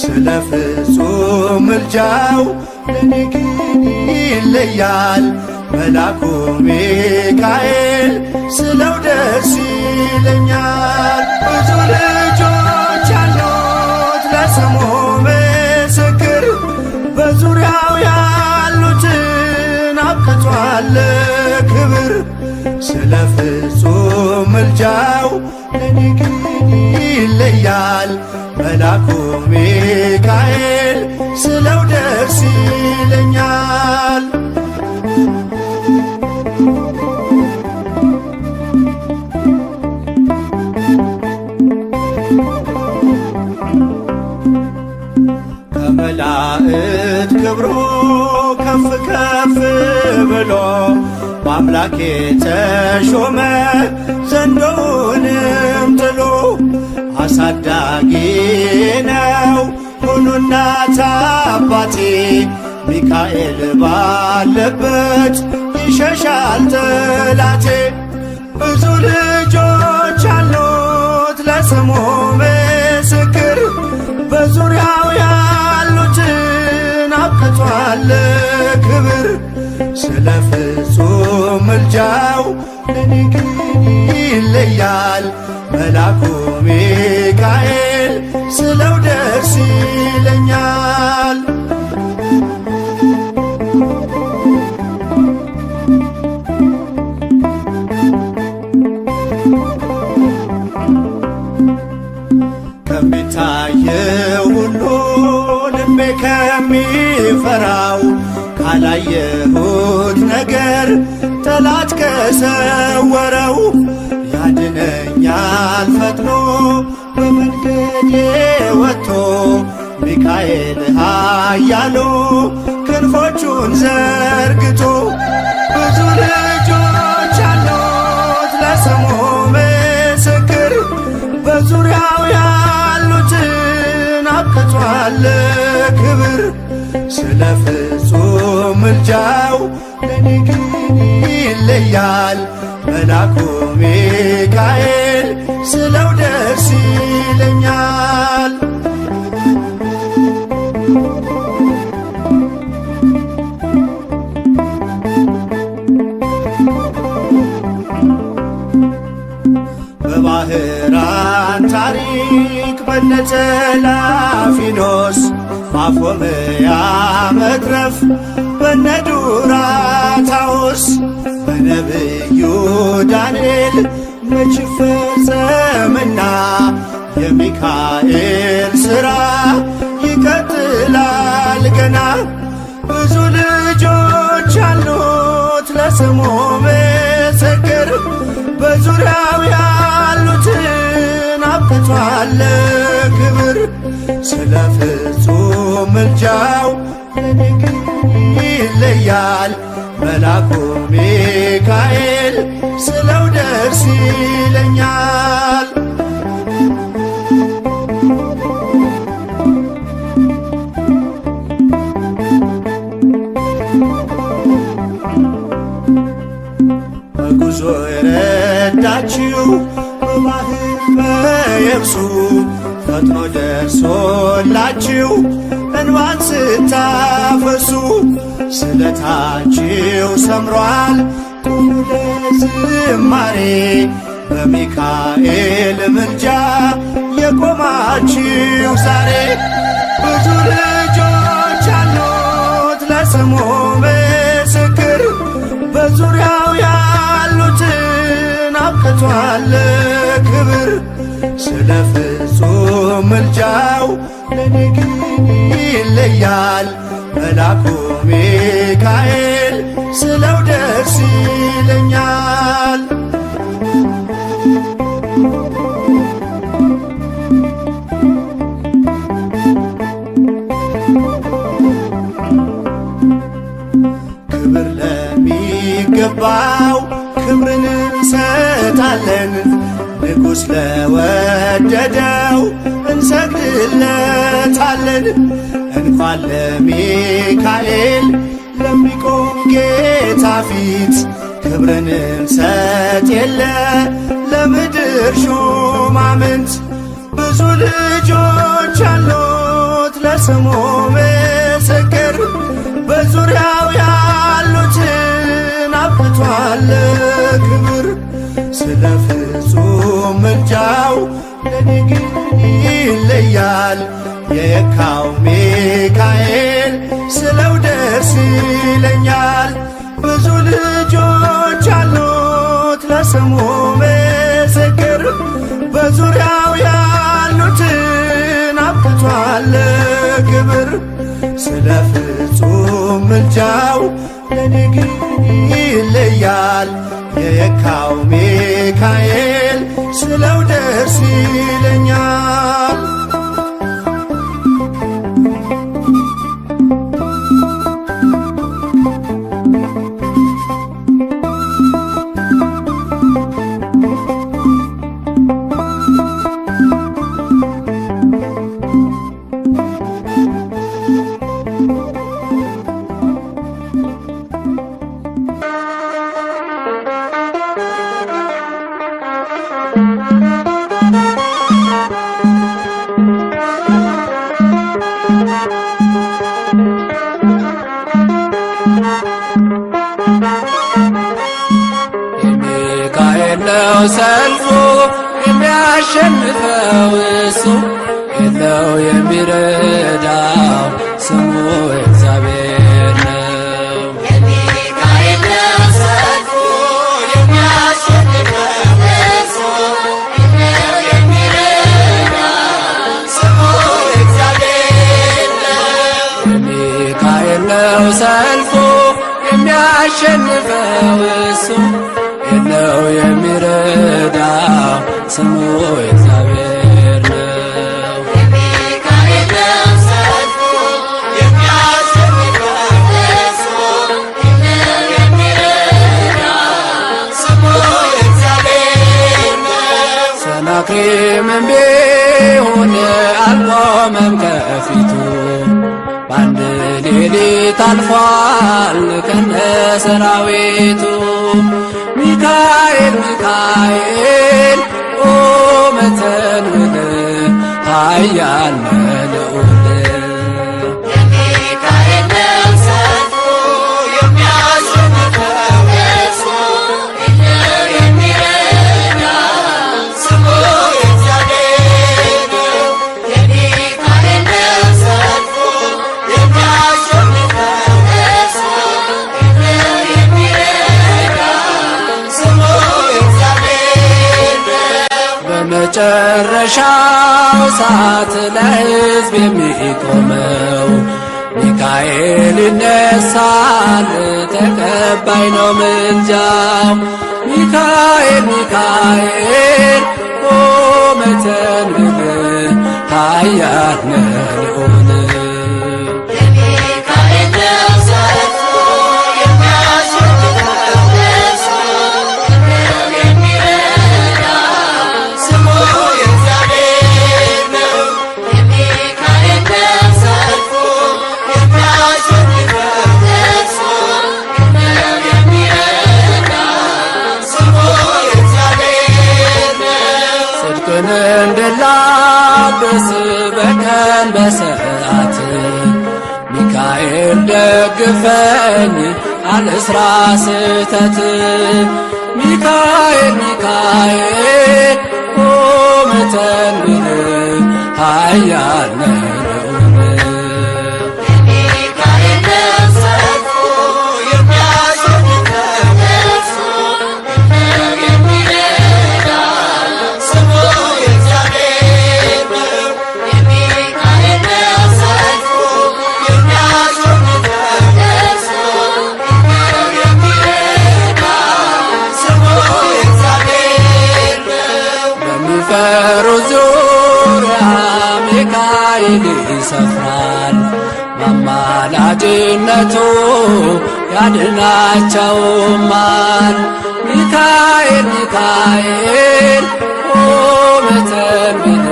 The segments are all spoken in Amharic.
ስለ ፍጹም ምልጃው ለኔ ግን ይለያል መላኩ ሚካኤል ስለው ደስ ይለኛል። ብዙ ልጆች አሉት ለስሙ ምስክር በዙሪያው ያሉትን አብቅቷል ክብር ስለ ፍጹም ምልጃው ለኔ ግን ይለያል መላኩ ሚካኤል ስለው ደስ ይለኛል። ከመላእክት ክብሩ ከፍ ከፍ ብሎ አምላክ ተሾመ ዘንዶውንም ጥሎ አሳዳጊ ነው ሁሉ እናት አባቴ ሚካኤል ባለበት ይሸሻል ጠላቴ። ብዙ ልጆች አሉት ለስሙ ምስክር በዙሪያው ያሉትን አብቅቷል ክብር ስለ ፍጹም ምልጃው ለኔ ግን ይለያል መላኩ ሚካኤል ስለው ደስ ይለኛል። ከሚታየው ሁሉ ልቤ ከሚፈራው ካላየ ጠላት ከሰወረው ያድነኛል ፈጥኖ በመንገዴ ወጥቶ ሚካኤል ኃያሉ ክንፎቹን ዘርግቶ ብዙ ልጆች አሉት ለስሙ ምስክር በዙሪያው ያሉትን አብቅቷል ክብር ስለ ፍጹም ምልጃው ለኔ ይለያል መላኩ ሚካኤል ስለው ደስ ይለኛል። በባህራን ታሪክ በነተላፊኖስ ማፎምያ መትረፍ በነዱራታዎስ በነብዩ ዳንኤል መች ፈጸምና የሚካኤል ሥራ ይቀጥላል ገና ብዙ ልጆች አሉት ለስሙ ምስክር በዙሪያው ያሉትን አብቅቷል ስለ ፍጹም ምልጃው ይለያል መላኩ ሚካኤል ፈጥኖ ደርሶላችሁ እንባን ስታፈሱ ስለታችሁ ሰምሯል። ቁሙ ለዝማሬ በሚካኤል ምልጃ የቆማችሁ ዛሬ ብዙ ልጆች አሉት ለስሙ ምስክር በዙሪያው ያሉትን አብቅቷል ክብር ስለ ፍጹም ምልጃው ለኔ ግን ይለያል መላኩ ሚካኤል ስለው ደስ ይለኛል። ክብር ለሚገባው ክብርን እንሰጣለን። ንጉሥ ለወደደው እንሰግድለታለን። እንኳን ለሚካኤል ለሚቆም ጌታ ፊት ክብርን እንሰጥ የለ ለምድር ሹማምንት ብዙ ልጆች አሉት ለስሙ ምስክር በዙሪያው ያሉትን አብቅቷል ክብር ስለ ፍጹም ምልጃው ለኔ ግን ይለያል የካው ሚካኤል ስለው ደስ ይለኛል። ብዙ ልጆች አሉት ለስሙ ምስክር በዙሪያው ያሉትን አብቅቷል ክብር ስለ ፍጹም ምልጃው ለኔ ግን ይለያል የየካው ሚካኤል ስለው ደርስ ይለኛል። የለው ሰልፉ የሚያሸንፈው እሱ የለው የሚረዳው ስሙ እግዚአብሔር ነው። የሚካኤል ነው ሰልፉ የሚያሸንፈው እሱ ነው የሚረዳ ስሙ እግዚአብሔር ነው። ሰናክሬምም ቢሆን አልቆመም ከፊቱ በአንድ ሌሊት አልፏል ከነ ሰራዊቱ ሚካኤል ሚካኤል ኦ ይነሳል ተቀባይ ነው ምልጃው ሚካኤል ሚካኤል ደግፈኝ አልስራ ስተት ሚካኤል ሚካኤል ብል ሀያል በመስቀሉ ዙሪያ ሚካኤል ይሰፍራል። በአማላጅነቱ ያድናቸውማል። ሚካኤል ሚካኤል ቁመተን ብል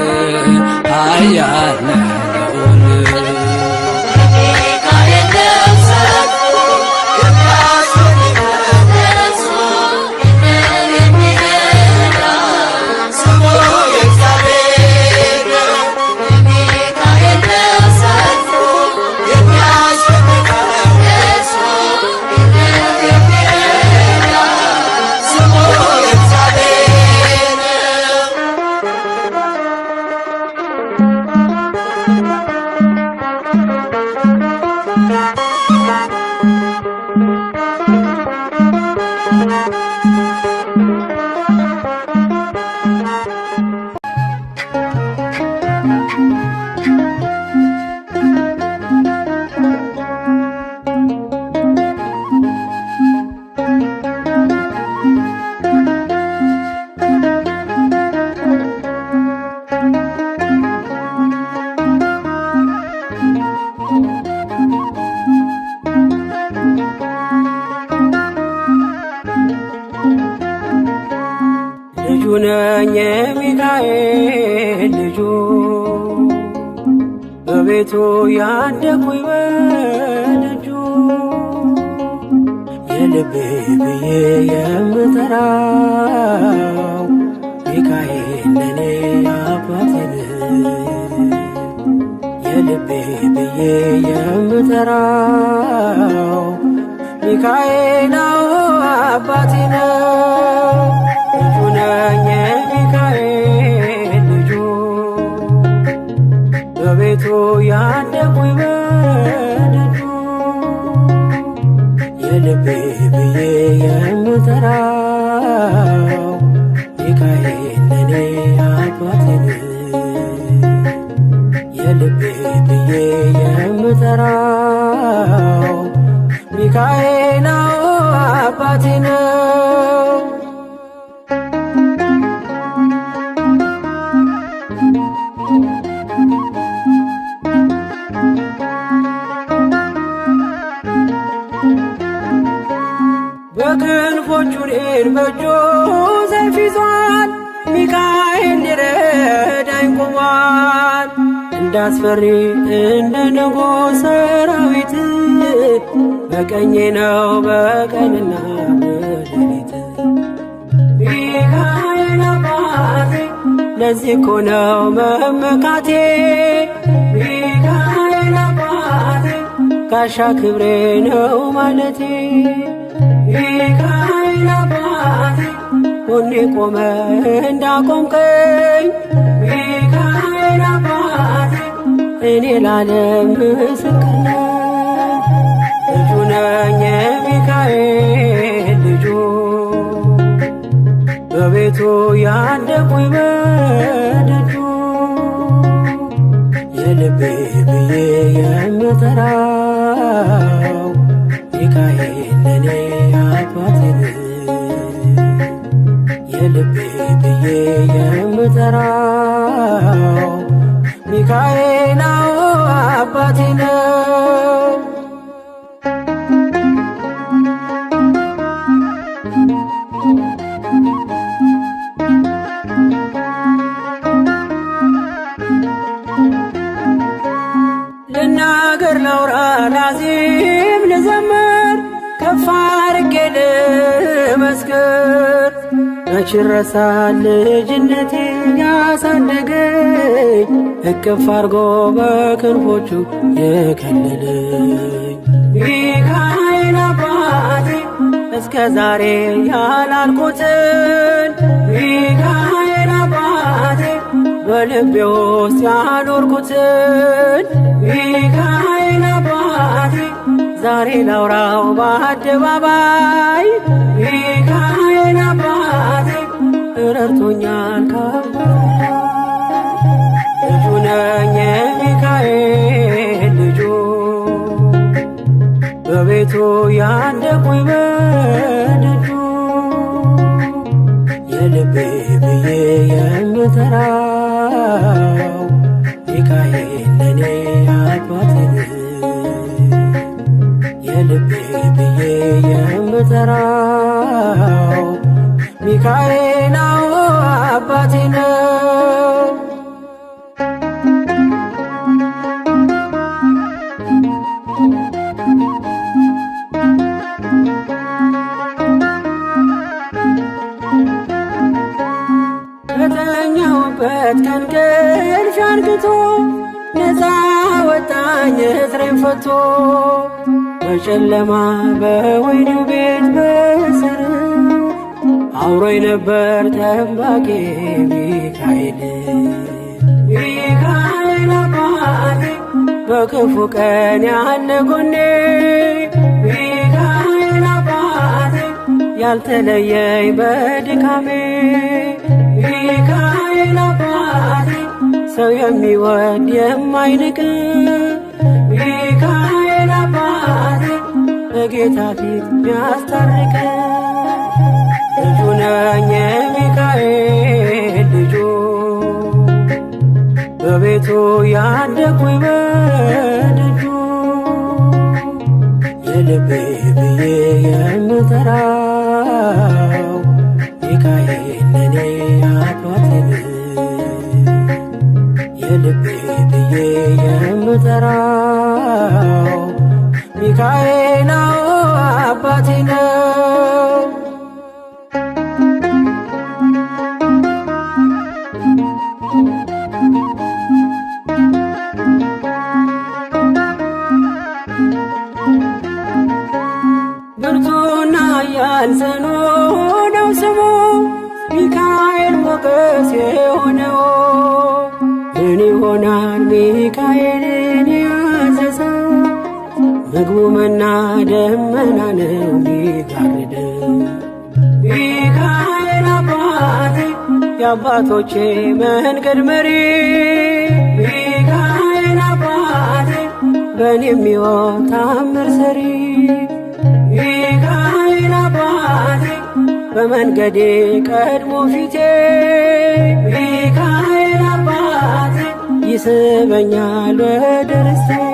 አያለ ልቤ ብዬ የምጠራው ሚካኤል አባቴ ነው ልጁ ነኝ ልጁ በቤቱ የልቤ ብዬ የምጠራው ሚካኤል ለኔ አባቴ ነው ነው አባቴ ነው። በክንፎቹ እንዳስፈሪ እንደ ንጉሥ ሰራዊት በቀኜ ነው በቀንና በሌሊት ሚካኤል አባቴ ለዚህ እኮ ነው መመካቴ ሚካኤል አባቴ ጋሻ ክብሬ ነው ማለቴ ሚካኤል አባቴ ጎኔ ቆመ እንዳቆምከኝ እኔ ላለም ምስክር ልጁ ነኝ የሚካኤል ልጁ በቤቱ ያደኩኝ በደጁ የልቤ ብዬ የምጠራው ሚካኤል የልቤ ብዬ የምጠራው ጌታዬ ነው አባቴ ነው። ልናገር ለውራ ላዚም ልዘምር ከፍ አድርጌ ልመስክር መች ረሳል ልጅነቴ ያሳደገኝ እቅፍ አርጎ በክንፎቹ የከለለኝ ሚካኤል አባቴ እስከ ዛሬ ያላልኩትን ሚካኤል አባቴ በልቤ ውስጥ ያኖርኩትን ሚካኤል አባቴ ዛሬ ላውራው በአደባባይ ረድቶኛል ልጁ ነኝ የሚካኤል ልጁ በቤቱ በደጁ የልቤ ብዬ የምጠራው ሚካኤል ለኔ የልቤ ብዬ የምጠራው ሚካኤል አባቴ ነው። ከተኛሁበት ቀን እንቅልፍ አንግቶ ነፃ ወጣኝ እስሬን ፈቶ በጨለማ በወይኒው ቤት አውሮኝ ነበር ጠባቂ ሚካኤል ሚካኤል አባቴ በክፉ ቀን ያለ ጎኔ ሚካኤል አባቴ ያልተለየኝ በድካሜ ሚካኤል አባቴ ሰው የሚወድ የማይንቅ ሚካኤል አባቴ በጌታ ፊት ሚያስታርቅ ልጁ ነኝ የሚካኤል ልጁ በቤቱ ያደኩኝ በደጁ የልቤ ብዬ የምጠራው ሚካኤል ለኔ አባቴን የልቤ ብዬ የምጠራው ሚካኤል አባቴ ነው። ሰማይና ደመና ነው ሚካኤል አባቴ የአባቶቼ መንገድ መሪ ሚካኤል አባቴ በእኔ ታምር ሰሪ ሚካኤል አባቴ በመንገዴ ቀድሞ ፊቴ ሚካኤል አባቴ ይስበኛል ወደ ርስቴ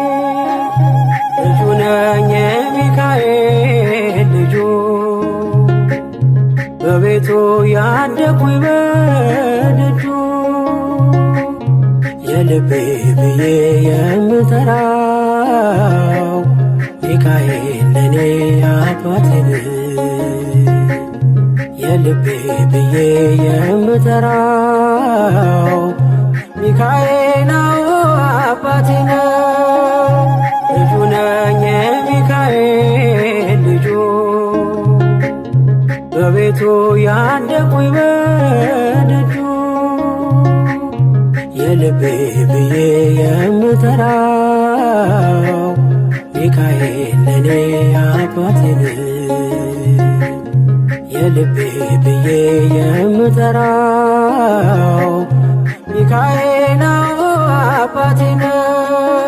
ነኝ የሚካኤል ልጁ በቤቱ ያደኩኝ በደጁ የልቤ ብዬ የምጠራው ሚካኤል ለኔ አባቴ የልቤ ብዬ የምጠራው ሚካኤል ነው አባቴ ነው። ነኝ የሚካኤል ልጁ በቤቱ ያደኩኝ በደጁ የልቤ ብዬ የምጠራው ሚካኤል ለኔ አባቴ የልቤ ብዬ የምጠራው ሚካኤል አባቴ ነው።